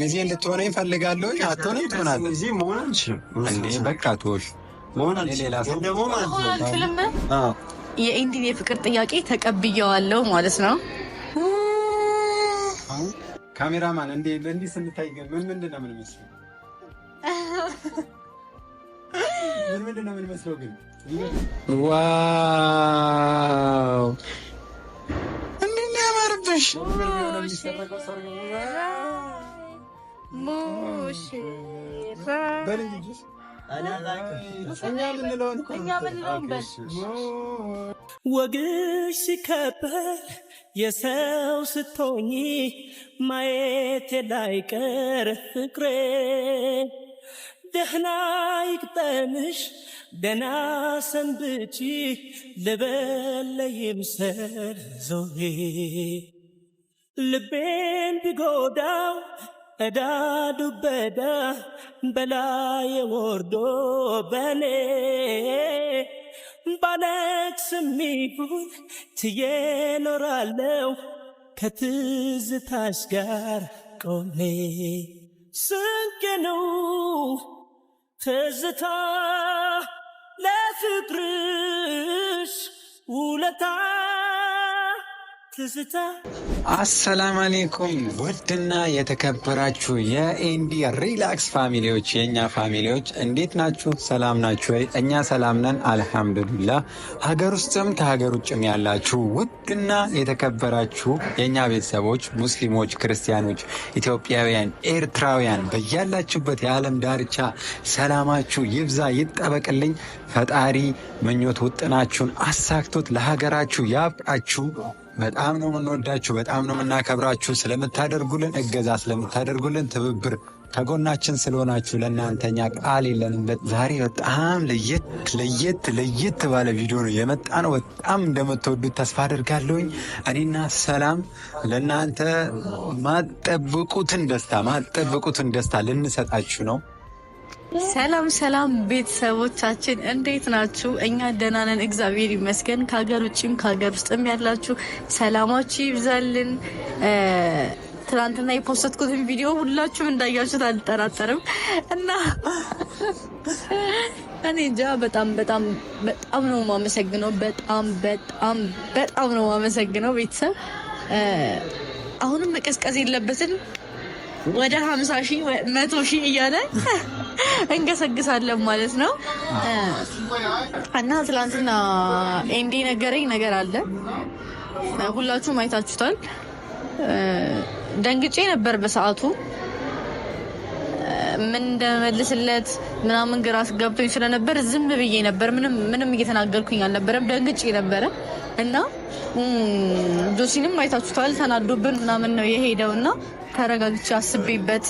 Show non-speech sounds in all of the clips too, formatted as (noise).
ሚዜ እንድትሆነ ይፈልጋለሁ። አትሆነኝ ትሆናለህ። በቃ ትሆሽ መሆን አልችልም። የኢንዲን የፍቅር ጥያቄ ተቀብየዋለሁ ማለት ነው። ካሜራማን እንዲህ ስንታይ ግን ምን ምንድን ነው የምንመስለው? ምን ምንድን ነው የምንመስለው ግን? ዋው እንዴ እንዲህ ነው ያማረብሽ። ወግሽ ሲከበር የሰው ስቶኝ ማየት ላይቀር ፍቅሬ ደህና ይቅጠምሽ ደህና ሰንብቺ ልበለይም ሰር ዞሬ ልቤን ቢጎዳው እዳ ዱበዳ በላይ ወርዶ በኔ ባለቅስም ስሚሁ ትዬ ኖራለው ከትዝታሽ ጋር ቆሜ ስንቅኑ ትዝታ ለፍቅርሽ ውለታ አሰላም አሌይኩም ውድና የተከበራችሁ የኤንዲ ሪላክስ ፋሚሊዎች የእኛ ፋሚሊዎች እንዴት ናችሁ? ሰላም ናችሁ ወይ? እኛ ሰላም ነን፣ አልሐምዱሊላ። ሀገር ውስጥም ከሀገር ውጭም ያላችሁ ውድና የተከበራችሁ የእኛ ቤተሰቦች ሙስሊሞች፣ ክርስቲያኖች፣ ኢትዮጵያውያን፣ ኤርትራውያን በያላችሁበት የዓለም ዳርቻ ሰላማችሁ ይብዛ ይጠበቅልኝ። ፈጣሪ ምኞት ውጥናችሁን አሳክቶት ለሀገራችሁ ያብቃችሁ። በጣም ነው የምንወዳችሁ፣ በጣም ነው የምናከብራችሁ። ስለምታደርጉልን እገዛ፣ ስለምታደርጉልን ትብብር፣ ከጎናችን ስለሆናችሁ ለእናንተኛ ቃል የለንም። ዛሬ በጣም ለየት ለየት ለየት ባለ ቪዲዮ ነው የመጣ ነው። በጣም እንደምትወዱት ተስፋ አድርጋለሁኝ። እኔና ሰላም ለእናንተ ማጠብቁትን ደስታ ማጠብቁትን ደስታ ልንሰጣችሁ ነው። ሰላም ሰላም ቤተሰቦቻችን እንዴት ናችሁ? እኛ ደህና ነን፣ እግዚአብሔር ይመስገን። ከሀገር ውጭም ከሀገር ውስጥም ያላችሁ ሰላማችሁ ይብዛልን። ትናንትና የፖስትኩትን ቪዲዮ ሁላችሁም እንዳያችሁት አልጠራጠርም እና እኔ እንጃ በጣም በጣም በጣም ነው የማመሰግነው። በጣም በጣም በጣም ነው የማመሰግነው ቤተሰብ። አሁንም መቀዝቀዝ የለበትን ወደ ሀምሳ ሺህ መቶ ሺህ እያለ እንገሰግሳለን ማለት ነው። እና ትላንትና ኤንዲ ነገረኝ ነገር አለ፣ ሁላችሁም አይታችሁታል። ደንግጬ ነበር በሰዓቱ ምን እንደመልስለት ምናምን ግራ ገብቶኝ ስለነበር ዝም ብዬ ነበር። ምንም እየተናገርኩኝ አልነበረም። ደንግጬ ነበረ እና ጆሲንም አይታችሁታል። ተናዶብን ምናምን ነው የሄደው እና ተረጋግቼ አስቤበት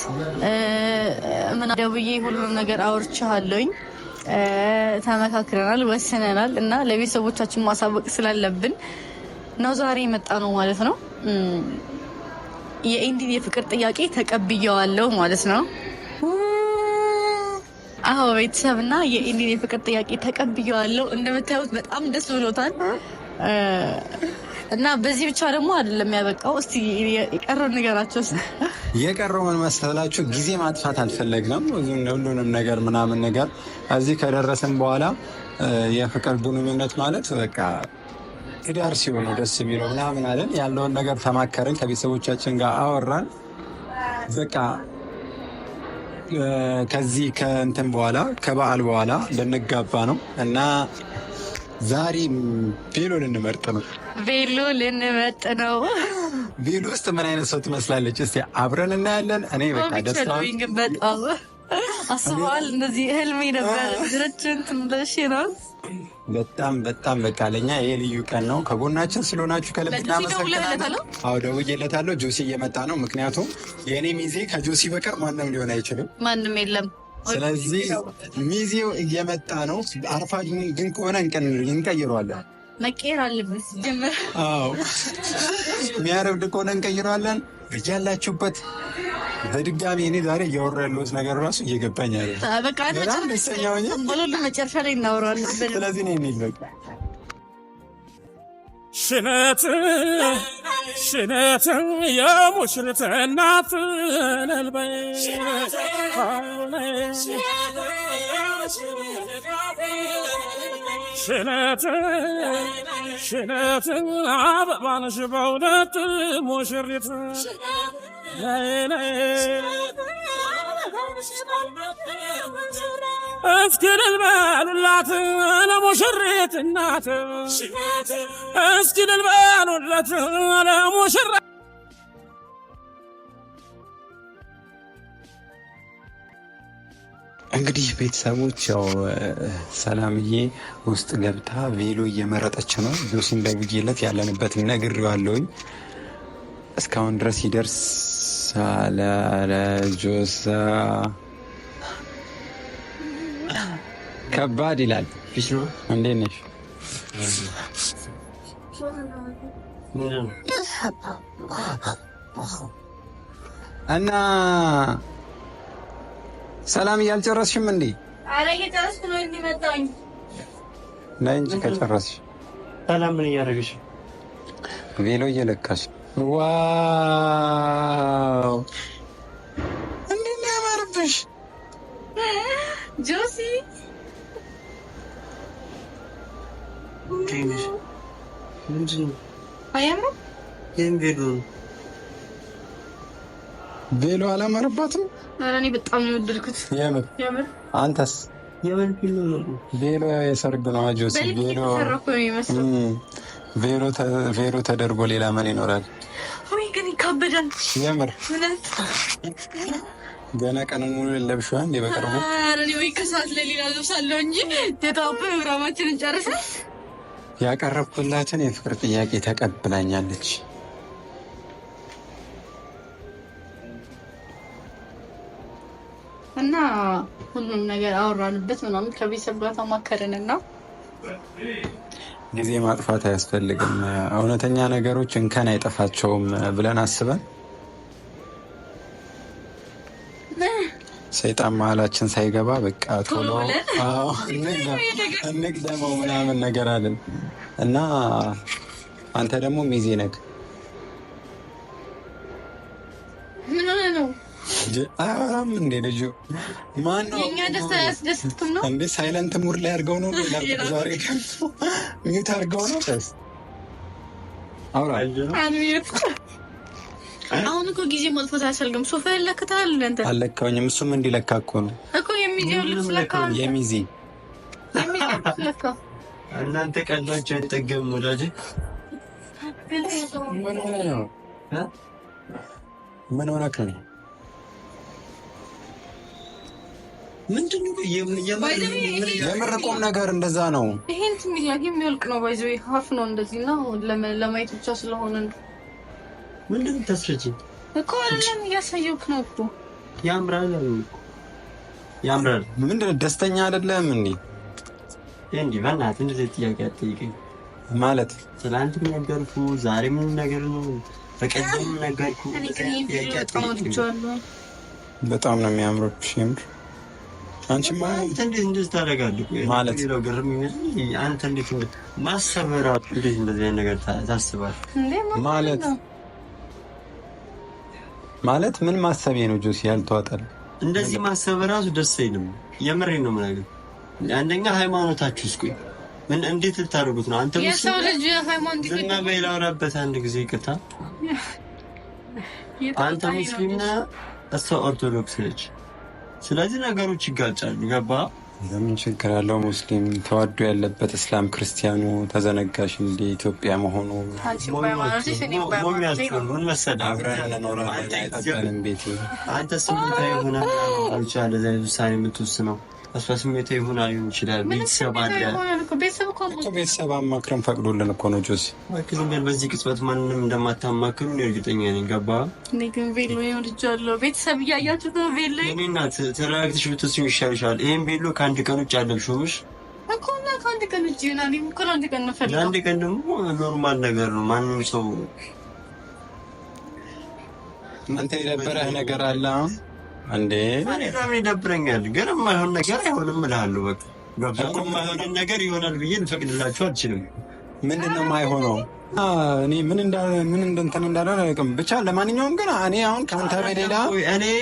ምናምን ደውዬ ሁሉንም ነገር አውርቻለሁኝ። ተመካክረናል፣ ወስነናል እና ለቤተሰቦቻችን ማሳወቅ ስላለብን ነው ዛሬ የመጣ ነው ማለት ነው። የኤንዲን የፍቅር ጥያቄ ተቀብያዋለሁ ማለት ነው። አዎ ቤተሰብ እና የኢንዲን የፍቅር ጥያቄ ተቀብያዋለሁ። እንደምታዩት በጣም ደስ ብሎታል እና በዚህ ብቻ ደግሞ አይደለም ያበቃው። እስቲ የቀረው ነገራቸው የቀረው ምን መሰላችሁ? ጊዜ ማጥፋት አልፈለግንም። ሁሉንም ነገር ምናምን ነገር እዚህ ከደረስን በኋላ የፍቅር ግንኙነት ማለት በቃ ትዳር ሲሆኑ ደስ የሚለው ምናምን አለን። ያለውን ነገር ተማከርን፣ ከቤተሰቦቻችን ጋር አወራን በቃ ከዚህ ከእንትን በኋላ ከበዓል በኋላ ልንጋባ ነው እና ዛሬ ቬሎ ልንመርጥ ነው። ቬሎ ልንመርጥ ነው። ቬሎ ውስጥ ምን አይነት ሰው ትመስላለች? እስኪ አብረን እናያለን። እኔ በቃ ደስታግበጣ አስበዋል። እነዚህ ህልሜ ነበር ድረችን ትንለሽ ነው በጣም በጣም በቃ ለኛ ይሄ ልዩ ቀን ነው። ከጎናችን ስለሆናችሁ ከልብ እናመሰግናለን። ደውዬለታለሁ። ጆሲ እየመጣ ነው። ምክንያቱም የእኔ ሚዜ ከጆሲ በቀር ማንም ሊሆን አይችልም፣ ማንም የለም። ስለዚህ ሚዜው እየመጣ ነው። አርፋ ግን ከሆነ እንቀይረዋለን። መቀየር አለበት ሚያረብድ ከሆነ እንቀይረዋለን። ብያላችሁበት በድጋሚ እኔ ዛሬ እያወራ ያለሁት ነገር ራሱ እየገባኝ ያለ በጣም ደስተኛ ሆኜ መጨረሻ ላይ እናወራለን። ስለዚህ ነው የሚል በቃ ሽነት ሽነት የሙሽርት እናት ሽነት ሽነት አበባነሽ በእውነት ሙሽሪት እስኪ በሉላት ለሙሽሪት እናት፣ ለሙሽራ እንግዲህ ቤተሰቦች ያው ሰላምዬ ውስጥ ገብታ ቬሎ እየመረጠች ነው። ጆሲ እንዳይጉጌለት ያለንበትን ነግሬዋለሁኝ። እስካሁን ድረስ ይደርስ ሳለረጆሳ ከባድ ይላል። እንዴት ነሽ? እና ሰላም እያልጨረስሽም እንዴ? ኧረ እየጨረስኩ ነው። እንዲመጣኝ ነይ እንጂ ከጨረስሽ። ሰላም ምን እያደረግሽ? ቬሎ እየለካሽ ዋው እንዴት ነው ያማረብሽ ጆሲ። ቬሎ አላማረባትም? እኔ በጣም ነው የወደድኩት። የምር አንተስ? የምር ቬሎ የሰርግ ነው ጆሲ። ቬሎ ቬሮ ተደርጎ ሌላ ምን ይኖራል? ወይ ግን ይካበዳል። የምር ገና ቀኑን ሙሉ ለብሸዋል። የበቀርቡ ከሰዓት ለሌላ ለብሳለሁ እንጂ ፕሮግራማችንን ጨርሰ ያቀረብኩላትን የፍቅር ጥያቄ ተቀብላኛለች። እና ሁሉም ነገር አወራንበት ምናምን ከቤተሰብ ጋር ተማከረንና ጊዜ ማጥፋት አያስፈልግም። እውነተኛ ነገሮች እንከን አይጠፋቸውም ብለን አስበን ሰይጣን መሀላችን ሳይገባ በቃ ቶሎ (laughs) እንግደመው ምናምን ነገር አለን እና አንተ ደግሞ ሚዜ ነግ እንደ ልጁ ማነው እንደ ሳይለንት ሙድ ላይ አድርገው ነው (laughs) ዛሬ ሚዩት አድርገው ነው። አሁን እኮ ጊዜ መጥፎት አያስፈልግም። ሶፋ ያለክታል እንደ አለካውኝም እሱም እንዲለካ እኮ ነው እኮ የሚዜ እናንተ ቀላቸው አይጠገም ወዳጅ ምን ሆነክ ነው? ምንድን የምር ቁም ነገር እንደዛ ነው። ይሄን ትሚያግ የሚወልቅ ነው ባይዘ ሀፍ ነው እንደዚህ ና ለማየት ብቻ ስለሆነ ምንድን ተስረጅ እኮ ለም እያሳየውክ ነው እኮ ያምራል፣ ያምራል። ምንድን ደስተኛ አይደለም እንዴ? እንዲ በናት እንደዚህ ጥያቄ አትጠይቀኝ። ማለት ትናንት ነገርኩ፣ ዛሬ ምን ነገር ነው፣ በቀደም ነገርኩ። በጣም ነው የሚያምረው ሽምር ማለት ማሰብ ምን ማሰቤ ነው ጆሲ ያልተዋጠል እንደዚህ ማሰብ ራሱ ደስ አይልም። የምሬ ነው ምናምን አንደኛ ሃይማኖታችሁ እስኪ ምን እንዴት ልታደርጉት ነው? አንተ የሰው ልጅ ሃይማኖት ዝና በላውራበት አንድ ጊዜ ይቅርታ፣ አንተ ሙስሊምና እሷ ኦርቶዶክስ ነች። ስለዚህ ነገሮች ይጋጫሉ። ገባ ለምን ችግር አለው? ሙስሊም ተዋዶ ያለበት እስላም ክርስቲያኑ ተዘነጋሽ እንደ ኢትዮጵያ መሆኑ ሞሚያስሆን መሰለ አብረን ቤት አንተ ስምንታ የሆነ አልቻለ ውሳኔ የምትወስነው አስራ ስሜታ ይሆና ሊሆን ይችላል። ቤተሰብ አለ ቤተሰብ አማክረን ፈቅዶልን እኮ ነው ጆሲ አክሎኛል። በዚህ ቅጽበት ማንንም እንደማታማክሩ እርግጠኛ ነኝ። ገባ ቤተሰብ እያያችሁ ነው። ቬሎ እኔ እናት ተረጋግተሽ ብትወስኚው ይሻልሻል። ይህም ቬሎ ከአንድ ቀን ውጭ አለብሽውምሽ እኮና ከአንድ ቀን ለአንድ ቀን ደግሞ ኖርማል ነገር ነው። ማንም ሰው አንተ የነበረህ ነገር አለ አሁን እንዴ በጣም ይደብረኛል። ግን የማይሆን ነገር አይሆንም እልሃለሁ። በቃ የማይሆንን ነገር ይሆናል ብዬ ልፈቅድላችሁ አልችልም። ምንድን ነው የማይሆነው? እኔ ምን እንደንተን እንዳለ አላውቅም። ብቻ ለማንኛውም ግን እኔ አሁን ከአንተ ሌላ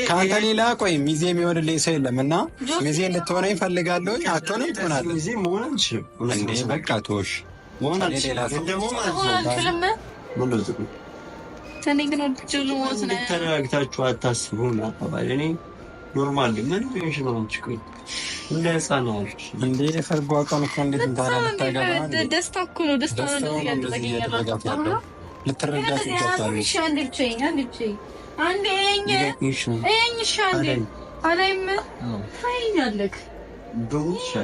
ከአንተ ሌላ ቆይ ሚዜ የሚሆንልኝ ሰው የለም እና ሚዜ እንድትሆነኝ እፈልጋለሁ። አትሆንም? ትሆናለህ። ሚዜ መሆን አልችልም። እንዴ በቃ ቶሽ ሆን አልችልም ደግሞ ነው እኔ ግን ተረጋግታችሁ አታስቡ። አባባል እኔ ኖርማል ምን ሽ ነው እንደ ህፃን እንደ የሰርጉ ቀን እኮ እንዴት እንዳለ ደስታ እኮ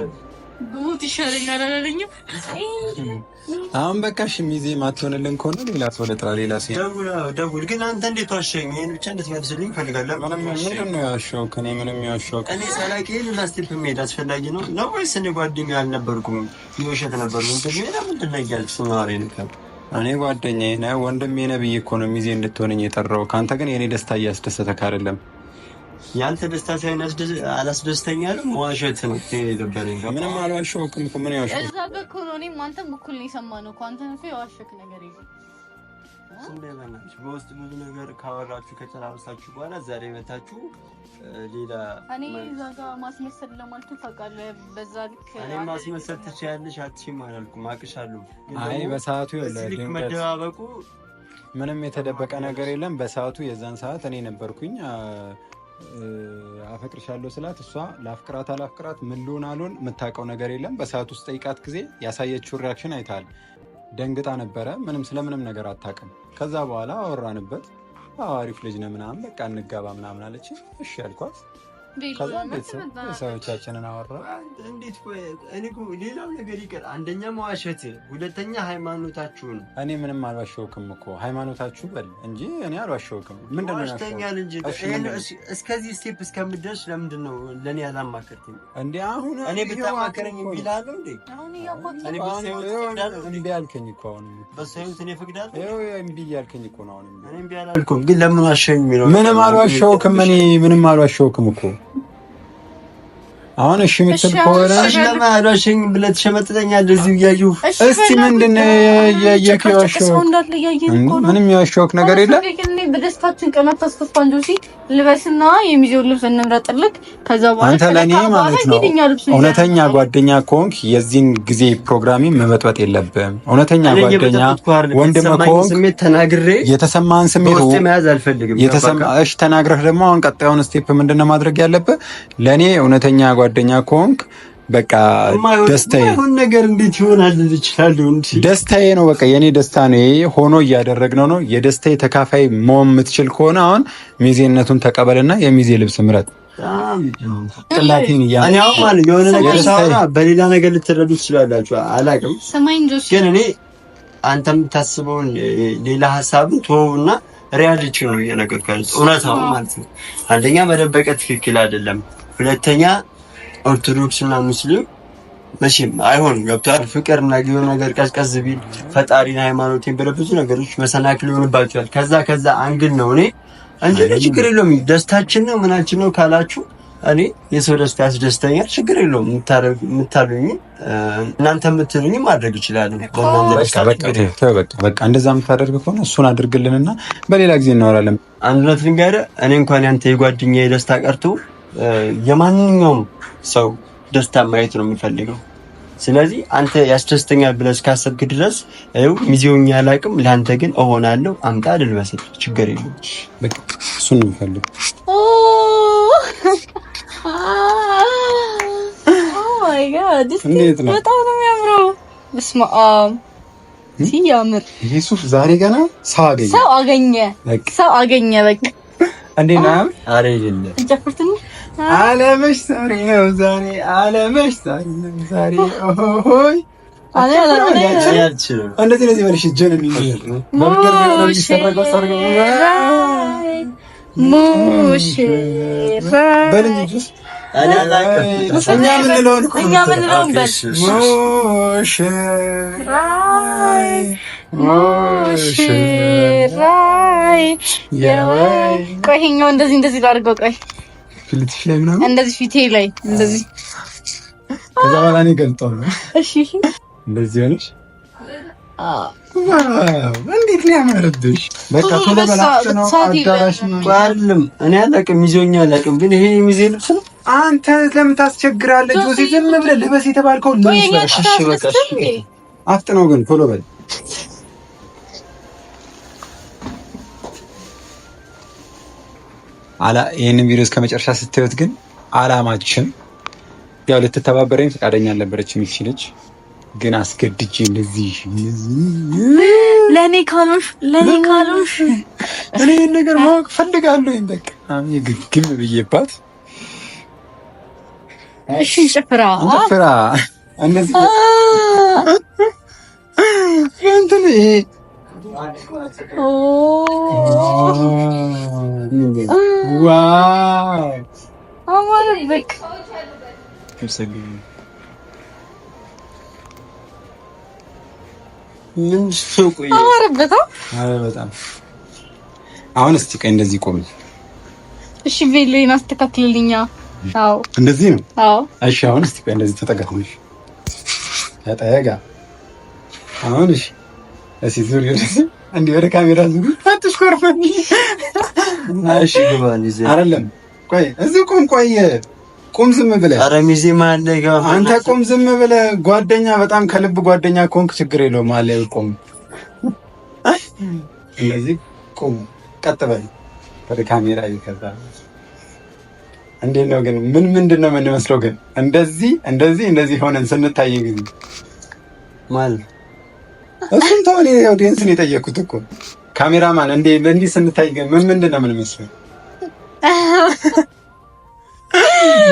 ነው። ብሞት ይሻለኛል አላለኝም። አሁን በቃ ሽሚዜ ማትሆንልን ከሆነ ሌላ ሰው ልጥራ። ሌላ ደውል። ግን አንተ እንዴት ዋሸኝ? ይህን ብቻ እንድትመልስልኝ እፈልጋለሁ። ምንም ያሸውክ ከኔ ምንም ያሸውክ እኔ ሰላቂ ሌላ ስቴፕ መሄድ አስፈላጊ ነው ነው ወይስ እኔ ጓደኛ አልነበርኩም? የውሸት ነበር። ምንድን ነው እያልክ እሱ ነዋሪ እኔ ጓደኛ ነህ ወንድሜ ነህ እኮ ነው ሚዜ እንድትሆነኝ የጠራው። ከአንተ ግን የእኔ ደስታ እያስደሰተክ አይደለም ያንተ ደስታ ሳይነስ አላስደስተኛ ነው። መዋሸት ነው የነበረ። ምንም አልዋሸሁም እኮ ምን ያሸ እዛ ጋ እኮ ነው። እኔም አንተም እኩል ነው የሰማነው እኮ አንተን እኮ የዋሸክ ነገር የለም። በውስጥ ብዙ ነገር ካወራችሁ ከጨራረሳችሁ በኋላ ዛሬ መታችሁ ሌላ እኔ እዛ ጋ ማስመሰል ለማለት ታውቃለህ። በዛ ልክ እኔ ማስመሰል ትችያለሽ አትችይም አላልኩም። አቅሻለሁ። አይ በሰዓቱ ልክ መደባበቁ ምንም የተደበቀ ነገር የለም። በሰዓቱ የዛን ሰዓት እኔ ነበርኩኝ አፈቅርሻለሁ ስላት እሷ ለአፍቅራት አላፍቅራት ምን ልሆን አልሆን የምታውቀው ነገር የለም። በሰዓት ውስጥ ጠይቃት ጊዜ ያሳየችው ሪያክሽን አይታል ደንግጣ ነበረ። ምንም ስለምንም ነገር አታውቅም። ከዛ በኋላ አወራንበት። አሪፍ ልጅ ነህ ምናምን በቃ እንጋባ ምናምን አለች። እሺ ያልኳት ከዛ ቤተሰቦቻችንን አወራ። እንዴት ሌላው ነገር ይቀር፣ አንደኛ መዋሸት፣ ሁለተኛ እኔ ምንም አልዋሸውክም እኮ ሃይማኖታችሁ በል እንጂ እኔ አልዋሸውክም። ምንድን ነው ዋሽተኛል እንጂ እስከዚህ ስቴፕ እስከምደርስ ለምንድን ነው ለእኔ አሁን እኔ ብታማከረኝ እንዴ? እኮ አሁን በሰዩት እኔ እምቢ እያልከኝ እኮ ነው አሁን። ግን ለምን ዋሸኝ ምንም አልዋሸውክም። እኔ ምንም አልዋሸውክም እኮ አሁን እሺ የምትል ከሆነ ለማራሽኝ ብለህ ትሸመጥጠኛለህ። እዚህ እያየሁ እስቲ ምንድን ነው ምንም የዋሸሁት ነገር የለም። በደስታችን ቀናት ልበስና ልብስ እንምረጥልክ። ከዛ በኋላ አንተ ለእኔ ማለት ነው እውነተኛ ጓደኛ ከሆንክ የዚህን ጊዜ ፕሮግራሚን መበጥበጥ የለብም እውነተኛ ጓደኛ ወንድም ከሆንክ ስሜት ተናግሬ የተሰማህን ስሜት ውስጥ መያዝ አልፈልግም። እሺ ተናግረህ ደግሞ አሁን ቀጣዩን ስቴፕ ምንድን ነው ማድረግ ያለብህ? ለእኔ እውነተኛ ጓደኛ ጓደኛ ከሆንክ በቃ ደስታዬ ነገር እንዴት ይሆናል? ይችላል ደስታዬ ነው። በቃ የእኔ ደስታ ነው። ይሄ ሆኖ እያደረግነው ነው። የደስታዬ ተካፋይ መሆን የምትችል ከሆነ አሁን ሚዜነቱን ተቀበልና የሚዜ ልብስ ምረጥ። የሆነ ነገር ሳወራ በሌላ ነገር ልትረዱ ትችላላችሁ፣ አላቅም። ግን እኔ አንተ የምታስበውን ሌላ ሀሳብን ተወውና ሪያሊቲ ነው እየነገርኩ ያለሁት እውነታውን ማለት ነው። አንደኛ መደበቀ ትክክል አይደለም። ሁለተኛ ኦርቶዶክስና ሙስሊም መቼም አይሆንም። ገብቷል። ፍቅር እና የሆነ ነገር ቀዝቀዝ ቢል ፈጣሪን፣ ሃይማኖቴን ብለህ ብዙ ነገሮች መሰናክል ይሆንባቸዋል። ከዛ ከዛ አንግል ነው እኔ እንጂ ችግር የለውም ደስታችን ነው ምናችን ነው ካላችሁ እኔ የሰው ደስታ ያስደስተኛል። ችግር የለውም። የምታሉኝ እናንተ የምትሉኝ ማድረግ እችላለሁ። በቃ እንደዛ የምታደርግ ከሆነ እሱን አድርግልንና በሌላ ጊዜ እናወራለን። አንድነት ልንገርህ፣ እኔ እንኳን ያንተ የጓደኛ ደስታ ቀርቶ የማንኛውም ሰው ደስታ ማየት ነው የሚፈልገው። ስለዚህ አንተ ያስደስተኛል ብለህ እስካሰብክ ድረስ ይኸው ያላቅም አላውቅም፣ ለአንተ ግን እሆናለሁ። አምጣ ልልበስል፣ ችግር የለም። እሱን ነው በጣም ነው የሚያምረው። በስመ አብ ሲያምር ዛሬ ገና ሰው አገኘ፣ ሰው አገኘ። በቃ ነው? አለመሽ ዛሬ ነው ዛሬ አለመሽ ዛሬ ነው ዛሬ እንደዚህ እንደዚህ መልሽ ሙሽራይ ቆይ እንደዚህ እንደዚህ ላድርገው ቆይ ፊልትሽ ላይ ምናምን እንደዚህ ፊቴ ላይ እንደዚህ ከዛ በኋላ እኔ ገልጠዋለሁ። እሺ እንደዚህ ሆነሽ እንዴት ነው በቃ ቶሎ በላቸው ነው አዳራሽ ባልም እኔ አላውቅም፣ ይዞኛ አላውቅም። ግን ይሄ የሚዜ ልብስ ነው። አንተ ለምን ታስቸግራለህ? ጆሲ ዝም ብለህ ልበስ የተባልከው ለምን? በቃ አፍጥነው ግን ቶሎ በል ይህንን ቪዲዮ እስከ መጨረሻ ስታዩት ግን አላማችን ያው ልትተባበረኝ ፈቃደኛ አልነበረች የሚችልች ግን አስገድጄ እንደዚህ ለእኔ ካሉሽ ለእኔ ካሉሽ እኔ ይህን ነገር ማወቅ ፈልጋለሁ። በቃ ግግም ብዬባት እሺ ጭፍራ ጭፍራ እንደዚህ እንትን ይሄ በጣም አሁን እስቲ ቀኝ እንደዚህ ቆም። እሺ ቬሎዬን አስተካክልልኛ። አዎ እንደዚህ ነው። አዎ እሺ። አሁን እስቲ ቀኝ እንደዚህ ተጠጋ። ተጠጋ አሁን እሺ እሺ ዙር ወደ ካሜራ ዙር አትሽኮርፈኝ። እሺ አይደለም። ቆይ እዚህ ቁም፣ ቆይ ቁም፣ ዝም ብለህ ኧረ ሚዜ አንተ ቁም፣ ዝም ብለህ ጓደኛ፣ በጣም ከልብ ጓደኛ ከሆንክ ችግር የለውም። መሀል ቁም። ቁም፣ ቀጥ በል ወደ ካሜራ ይከዛ። እንዴት ነው ግን? ምን ምንድን ነው የምንመስለው ግን? እንደዚህ እንደዚህ እንደዚህ ሆነን ስንታይ ጊዜ ማለት እሱም ተው፣ እኔ ኦዲየንስ ነው የጠየኩት እኮ ካሜራማን፣ እንዴ እንዲህ ስንታይ ግን ምን ምንድን ነው የምንመስለው?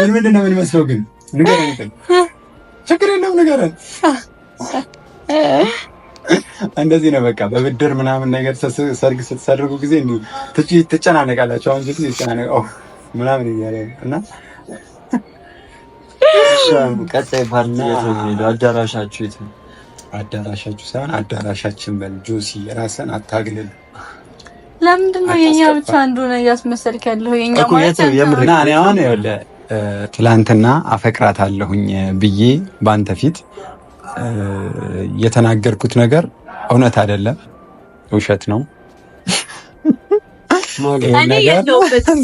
ምን ምንድን ነው የምንመስለው? ግን ንገረን፣ ችግር የለውም ንገረን። እንደዚህ ነው በቃ። በብድር ምናምን ነገር ሰርግ ስትሰርጉ ጊዜ ትጨናነቃላችሁ። አሁን ጊዜ ይጨናነቀው ምናምን እያለ እና ቀጣይ ፓርቲ አዳራሻችሁ የት ነው? አዳራሻችሁ ሳይሆን አዳራሻችን በል ጆሲ፣ ራስን አታግልል። ለምንድን ነው የኛ ብቻ እንደሆነ እያስመሰልክ ያለሁ? የኛ ማለት አሁን ይኸውልህ፣ ትላንትና አፈቅራት አለሁኝ ብዬ በአንተ ፊት የተናገርኩት ነገር እውነት አይደለም፣ ውሸት ነው።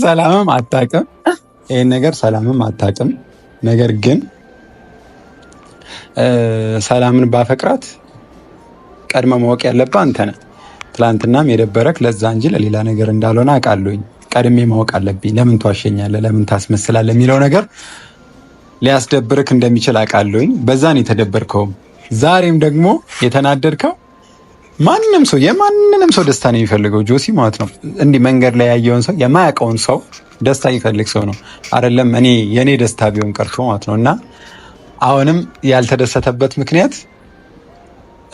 ሰላምም አታውቅም፣ ይህን ነገር ሰላምም አታውቅም። ነገር ግን ሰላምን ባፈቅራት ቀድመ ማወቅ ያለብህ አንተ ነህ። ትላንትናም የደበረክ ለዛ እንጂ ለሌላ ነገር እንዳልሆነ አውቃለሁኝ። ቀድሜ ማወቅ አለብኝ። ለምን ትዋሸኛለህ? ለምን ታስመስላለህ? የሚለው ነገር ሊያስደብርክ እንደሚችል አውቃለሁኝ። በዛን የተደበርከውም ዛሬም ደግሞ የተናደድከው ማንም ሰው የማንንም ሰው ደስታ ነው የሚፈልገው፣ ጆሲ ማለት ነው። እንዲህ መንገድ ላይ ያየውን ሰው የማያውቀውን ሰው ደስታ የሚፈልግ ሰው ነው አይደለም። እኔ የእኔ ደስታ ቢሆን ቀርቶ ማለት ነው እና አሁንም ያልተደሰተበት ምክንያት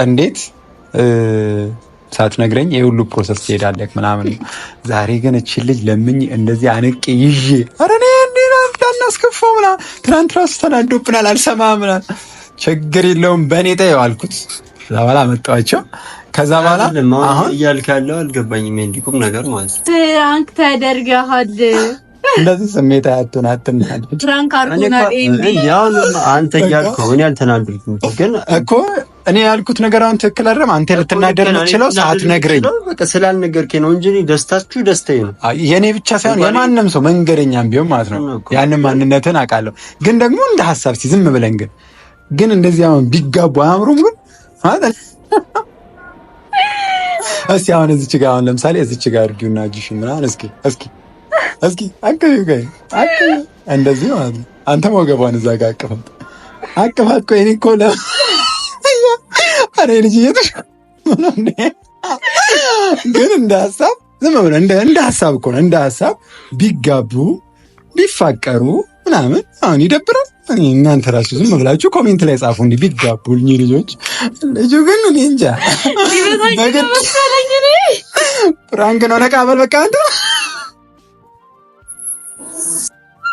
እንዴት ሳትነግረኝ የሁሉ ፕሮሰስ ትሄዳለህ ምናምን። ነው። ዛሬ ግን እችን ልጅ ለምኝ እንደዚህ አንቄ ይዤ ኧረ እኔ እንዳናስከፋው ምናምን ትናንት ራሱ ተናዶብናል፣ አልሰማህም ምናምን ችግር የለውም በእኔ ጠየው አልኩት። ከዛ በኋላ መጣኋቸው። ከዛ በኋላ አሁን እያልክ ያለው አልገባኝም። ቁም ነገር ማለት ነው ተደርገሃል እንደዚህ ስሜት አያቱን አትናደድ። አንተ እያልኩህ እኔ አልተናደድኩም፣ ግን እኮ እኔ ያልኩት ነገር አሁን ትክክል አይደለም። አንተ ልትናደድ የምችለው ሳትነግረኝ ስላልነገርከኝ ነው እንጂ ደስታችሁ ደስታዬ ነው። የእኔ ብቻ ሳይሆን የማንም ሰው መንገደኛም ቢሆን ማለት ነው። ያንን ማንነትን አውቃለሁ። ግን ደግሞ እንደ ሀሳብ ሲ ዝም ብለን ግን ግን እንደዚህ አሁን ቢጋቡ አያምሩም ግን ማለት እስኪ አሁን እዚች ጋ አሁን ለምሳሌ እዚች ጋ እርጊውና እጅሽ ምናምን እስኪ እስኪ እስኪ አቅፊው ቆይ እንደዚህ ማለት ነው። አንተ ወገቧን እዛ ጋር አቅፋት አቅፋት። ቆይ እኔ እኮ ለ አረ ልጅ እየተሽ ግን እንደ ሀሳብ ዝም ብለህ እንደ ሀሳብ እኮ ነው። እንደ ሀሳብ ቢጋቡ ቢፋቀሩ ምናምን አሁን ይደብራል። እናንተ ራሱ ዝም ብላችሁ ኮሜንት ላይ ጻፉ እንዲህ ቢጋቡ ልኝ ልጆች። ልጁ ግን እኔ እንጃ ፕራንክ ነው። ነቃ በል በቃ አንተ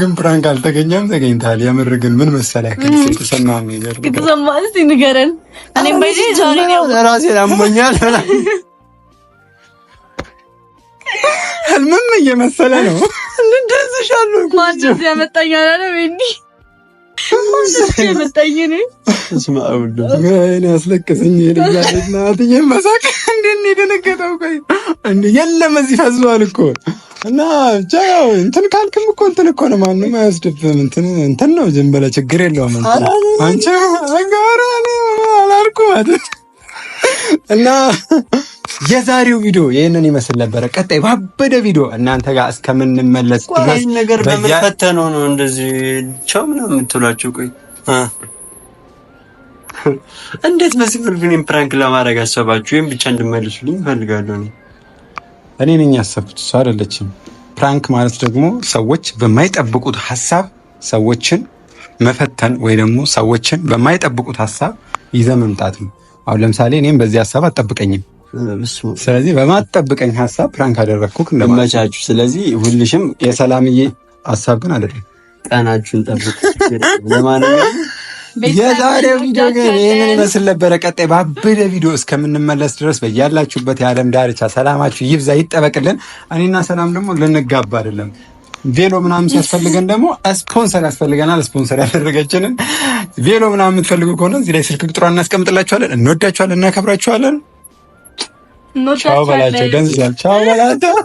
ግን ፕራንክ አልተገኘም፣ ተገኝታል። የምር ግን ምን መሰለህ የተሰማህ ነገር ከተሰማህ እስኪ ንገረን። እኔም ራሴን አሞኛል። ህልምም እየመሰለ ነው። እንደዚሻለሁ ማንስ ያመጣኝ አላለም እንዲ የለም እዚህ እኮ እና ብቻ እንትን ካልክም እኮ እንትን እኮ ነው፣ ማንም አያስደብም። እንትን እንትን ነው፣ ዝም በለ፣ ችግር የለውም። አንቺ እና የዛሬው ቪዲዮ ይህንን ይመስል ነበረ። ቀጣይ ባበደ ቪዲዮ እናንተ ጋር እስከምንመለስ ድረስ ነገር በምን ፈተነው ነው እንደዚህ ቻው ምናምን የምትሏቸው? ቆይ እንዴት በዚህ ፕራንክ ለማድረግ አሰባችሁ? ወይም ብቻ እንድመልሱልኝ እፈልጋለሁ። እኔ ነኝ ያሰብኩት፣ እሷ አይደለችም። ፕራንክ ማለት ደግሞ ሰዎች በማይጠብቁት ሀሳብ ሰዎችን መፈተን ወይ ደግሞ ሰዎችን በማይጠብቁት ሀሳብ ይዘ መምጣት ነው። አሁን ለምሳሌ እኔም በዚህ ሀሳብ አጠብቀኝም ስለዚህ በማጠብቀኝ ሀሳብ ፕራንክ አደረግኩክ እንደመቻችሁ። ስለዚህ ሁልሽም የሰላምዬ ሀሳብ ግን አይደለም። ቀናችሁን ጠብቅ። ለማንኛውም የዛሬ ቪዲዮ ግን ይህንን ይመስል ነበረ። ቀጣይ ባበደ ቪዲዮ እስከምንመለስ ድረስ በያላችሁበት የዓለም ዳርቻ ሰላማችሁ ይብዛ ይጠበቅልን። እኔና ሰላም ደግሞ ልንጋባ አይደለም ቬሎ ምናምን ሲያስፈልገን ደግሞ ስፖንሰር ያስፈልገናል። ስፖንሰር ያደረገችንን ቬሎ ምናምን የምትፈልጉ ከሆነ እዚህ ላይ ስልክ ቁጥሯን እናስቀምጥላችኋለን። እንወዳችኋለን፣ እናከብራችኋለን። ቻው በላቸው። ደንዝዟል። ቻው በላቸው።